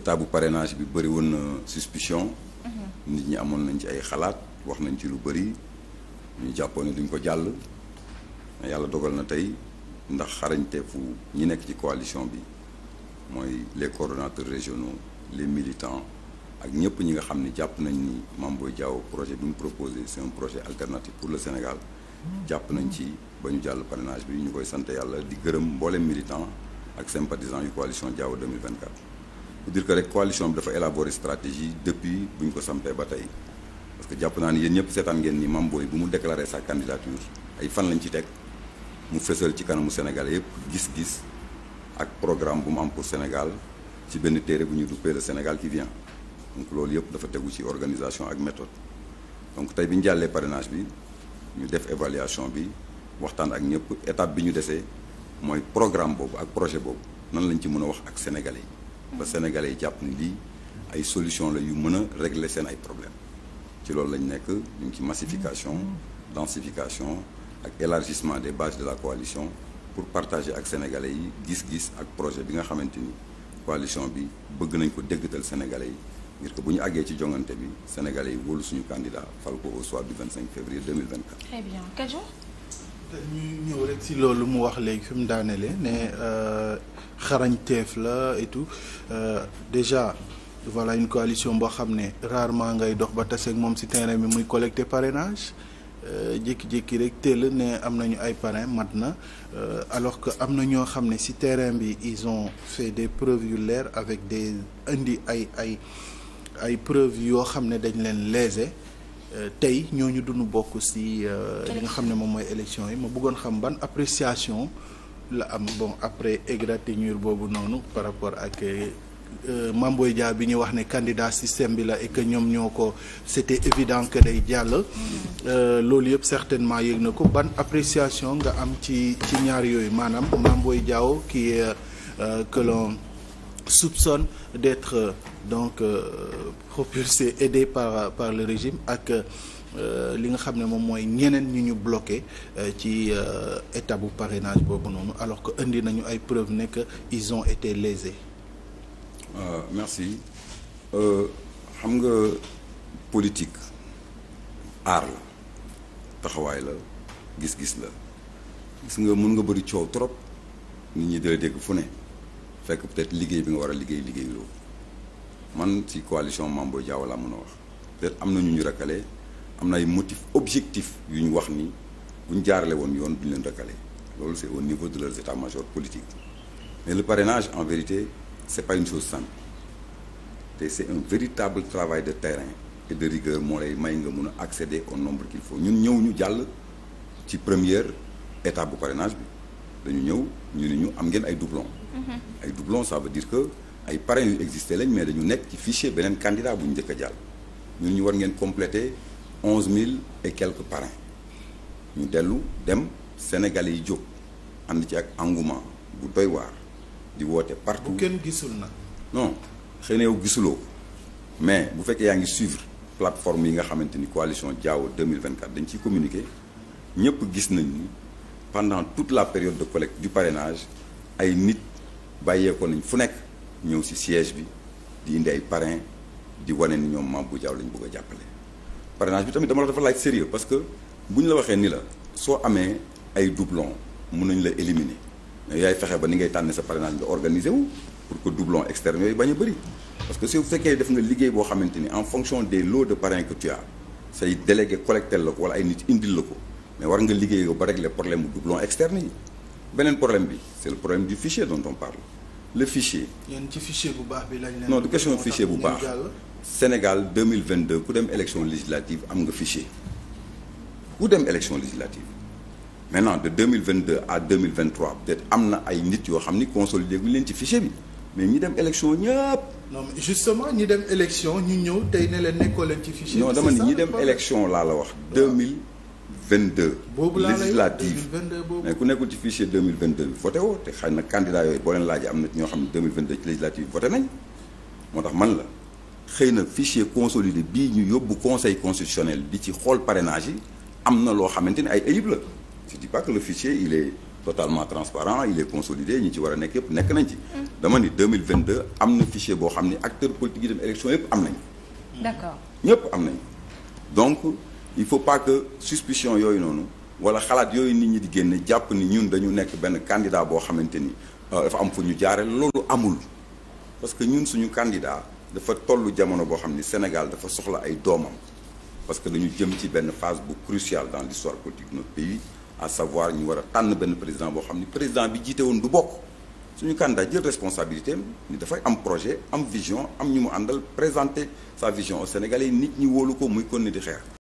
état bu parrainage bi bëri woon na suspicion. nit ñi amoon nañ ci ay xalaat wax nañ ci lu bëri ñu jàppoon ne duñ ko jàll. yàlla dogal na tey ndax xarañteefu ñi nekk ci coalition bi mooy les coordonnateurs régionaux les militants ak ñëpp ñi nga xam ni jàpp nañ ni Mame Boye Diao projet bi mu proposé c'est projet alternatif pour le Sénégal. jàpp nañ ci ba ñu jàll parrainage bi ñu koy sant yàlla di gërëm mboolem militant ak sympathisant yu coalition Diao 2024. pour dire que rek coalition bi dafa élaborer stratégie depuis bu ñu ko sampee ba tey parce que jàpp naa ni yéen ñëpp seetaan ngeen ni Mame Boye bu mu déclarer sa candidature ay fan lañu ci teg mu fësal ci kanamu Sénégal yëpp gis-gis ak programme bu mu am pour Sénégal ci benn téere bu ñu duppee le Sénégal qui vient donc loolu yëpp dafa tegu ci organisation ak méthode donc tey bi ñu jàllee parrainage bi ñu def évaluation bi waxtaan ak ñëpp étape bi ñu desee mooy programme boobu ak projet boobu nan lañ ci mën a wax ak sénégalais ba sénégalais yi jàpp ni lii ay solution la yu mën a régler seen ay problème ci loolu lañu nekk ñu ngi ci massification densification ak élargissement des bases de la coalition pour partager ak sénégalais yi gis-gis ak projet bi nga xamante ni coalition bi bëgg nañ ko déggtal sénégalais yi ngir que bu ñu àggee ci jongante bi sénégalais yi wóolu suñu candidat fal ko au soir du 25 février 2024. Très bien. Quel dañuy ñëw rek si loolu mu wax léegi fi mu daanelee ne euh, xarañteef la et tout euh, déjà voilà une coalition boo xam ne rarement ngay dox ba taseeg moom si terrain bi muy collecter parrainage euh, jékki-jékki rek teel ne am nañu ay parrain mat na alors que am na ñoo xam ne si terrain bi ils ont fait des preuves yu leer avec de indi ay ay ay preuves yoo xam ne dañ leen léser tey ñooñu dund bokk si euh, li nga xam ne moom mooy élection yi ma bëggoon xam ban appréciation la am bon après égratignure boobu noonu par rapport ak euh, euh, Mame Boye Diao bi ñu wax ne candidat système bi la et ñoom ñoo ko c'était évident que day jàll loolu yëpp certainement yëg na ko ban appréciation nga am ci ci ñaar yooyu maanaam Mame Boye Diao kii soupçonne d'être euh, donc euh, propulsé aidé par euh, par le régime ak li nga xam ne moom mooy ñeneen ñu ñu bloqué ci état bu parrainage boobu noonu alors que indi nañu ay preuves ne que ils ont été lésés. Euh, merci xam nga politique aar la taxawaay la gis-gis la gis nga mun nga bëri coow trop nit ñi dala dégg fu ne. fekk peut-être liggéey bi nga war a liggéey liggéeyuloo man ci coalition Mame Boye Diao laa mën a wax peut am na ñu ñu recalé am na ay motifs objectifs yu ñu wax ni bu jaarale woon yoon du ñu leen recalé loolu c'est au niveau de leurs états-majors politiques mais le parrainage en vérité c'est pas une chose simple te c'est un véritable travail de terrain et de rigueur moo lay may nga mun a accéder au nombre qu'il faut ñun ñëw ñu jàll ci première état bu parrainage bi dañu ñëw ñu ne ñu am ngeen ay doublons Mm-hmm. ay doublon ça veut dire que ay parrains yu existé lañ mais dañu nekk ci fichier beneen candidat bu ñu njëkk a jàll ñu war ngeen compléter onze mille et quelques parrains ñu dellu dem Sénégalais yi jóg ànd ci ak engouement bu doy waar di woote partout. bu kenn gisul nag. non xëy na yow gisuloo mais bu fekkee yaa ngi suivre plateforme yi nga xamante ni coalition Diao 2024 dañ ciy communiquer ñëpp gis nañ pendant toute la période de collecte du parrainage ay nit. bàyyeekoo nañ fu nekk ñëw si siège bi di indi ay parrain di wane ni ñoom Mabou jaaw lañ bëgg a jàppale. parrainage bi tamit dama la dafa laaj sérieux parce que bu ñu la waxee ni la soo amee ay doublon mun nañ la éliminer mais yaay fexe ba ni ngay tànn sa parrainage nga organiser wu pour que doublon externe yooyu bañ a bëri. parce que su fekkee def nga liggéey boo xamante ni en fonction des lots de parrain que tu say délégué collecté la ko wala ay nit indil la ko mais war nga liggéey ba régler problème mu doublon externe beneen problème bi c' est le problème du fichier dont on parle le fichier. yéen ci fichier bu baax bi lañ leen non du question fichier bu baax Sénégal 2022 ku dem élection législative am nga fichier ku dem élection législative maintenant de 2022 à 2023 peut-être am na ay nit yoo xam ni consolidé gu ñu leen ci fichier bi mais ñi dem élection ñëpp. non mais justement ñi dem élection ñu ñëw tey ne leen nekkoo leen ci fichier. non dama ni ñi dem élection laa la wax 2000. 2022. boobu laa législative mais ku nekkul ci fichier 2022 bi voté woo te xëy na candidat yooyu boo leen laajee am na ñoo xam ne 2022 ci législative bi nañ moo tax man la xëy na fichier consolidé bii ñu yóbbu conseil constitutionnel di ci xool parrainage yi am na loo xamante ne ay ayib la je dis pas que le fichier il est totalement transparent il est consolidé ñi ci war a nekk yëpp nekk nañ ci. dama ni 2022 am na fichier boo xam ni acteurs politiques yi am nañ. d'accord ñëpp am nañ il faut pas que suspicion yooyu noonu wala xalaat yooyu nit ñi di génne jàpp ni ñun dañu nekk benn candidat boo xamante ni euh, dafa am fu ñu jaare loolu amul parce que ñun suñu candidat dafa tollu jamono boo xam ni Sénégal dafa soxla ay doomam parce que dañu jëm ci benn phase bu cruciale dans l'histoire politique de notre pays à savoir ñu war a tànn benn président boo xam ni président bi jiite woon du bokk suñu candidat jël responsabilité ni dafay am projet am vision am ñu mu àndal présenter sa vision yi nit ñi wóolu ko muy kon ni